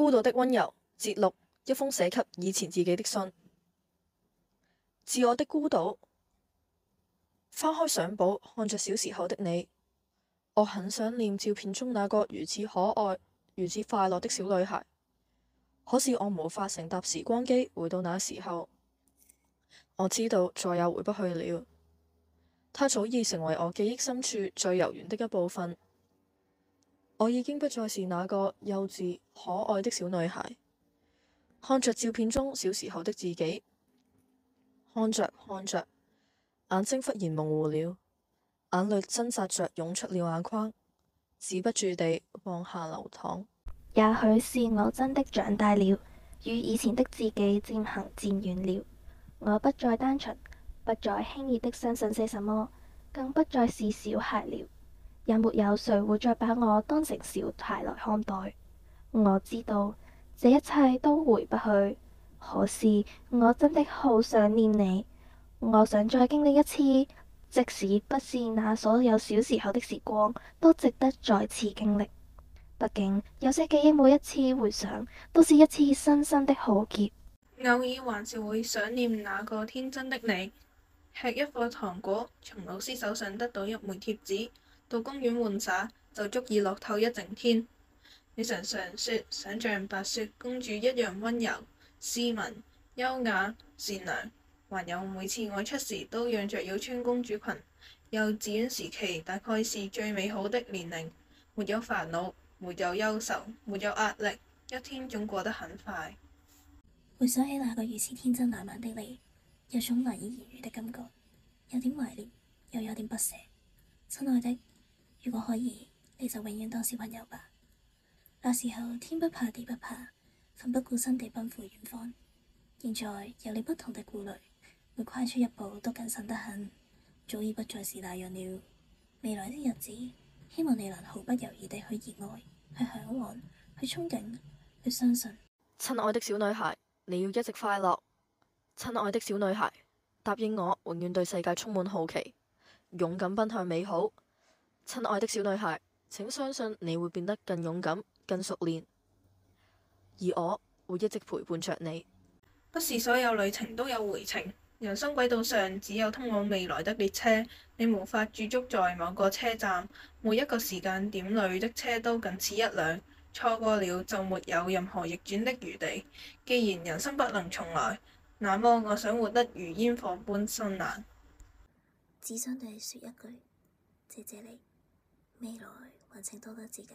孤島的溫柔，節錄一封寫給以前自己的信。自我的孤島，翻開相簿，看着小時候的你，我很想念照片中那個如此可愛、如此快樂的小女孩。可是我無法乘搭時光機回到那時候。我知道再也回不去了。她早已成為我記憶深處最柔軟的一部分。我已經不再是那個幼稚可愛的小女孩，看着照片中小時候的自己，看着看着，眼睛忽然模糊了，眼淚掙扎着湧出了眼眶，止不住地往下流淌。也許是我真的長大了，與以前的自己漸行漸遠了。我不再單純，不再輕易的相信些什麼，更不再是小孩了。也沒有誰會再把我當成小孩來看待。我知道這一切都回不去，可是我真的好想念你。我想再經歷一次，即使不是那所有小時候的時光，都值得再次經歷。畢竟有些記憶，每一次回想都是一次深深的浩劫。偶爾還是會想念那個天真的你，吃一顆糖果，從老師手上得到一枚貼紙。到公園玩耍就足以樂透一整天。你常常説想像白雪公主一樣溫柔、斯文、優雅、善良，還有每次外出時都嚷着要穿公主裙。幼稚園時期大概是最美好的年齡，沒有煩惱，沒有憂愁，沒有壓力，一天總過得很快。回想起那個如此天真爛漫的你，有種難以言喻的感覺，有點懷念，又有點不捨。親愛的。如果可以，你就永遠當小朋友吧。那時候，天不怕地不怕，奮不顧身地奔赴遠方。現在有你不同的顧慮，每跨出一步都謹慎得很，早已不再是那樣了。未來的日子，希望你能毫不猶豫地去熱愛，去向往去，去憧憬，去相信。親愛的小女孩，你要一直快樂。親愛的小女孩，答應我，永遠對世界充滿好奇，勇敢奔向美好。親愛的小女孩，請相信你會變得更勇敢、更熟練，而我會一直陪伴着你。不是所有旅程都有回程，人生軌道上只有通往未來的列車。你無法駐足在某個車站，每一個時間點裏的車都僅此一輛，錯過了就沒有任何逆轉的餘地。既然人生不能重來，那麼我想活得如煙火般絢爛，只想對你說一句，謝謝你，未來還請多多指教。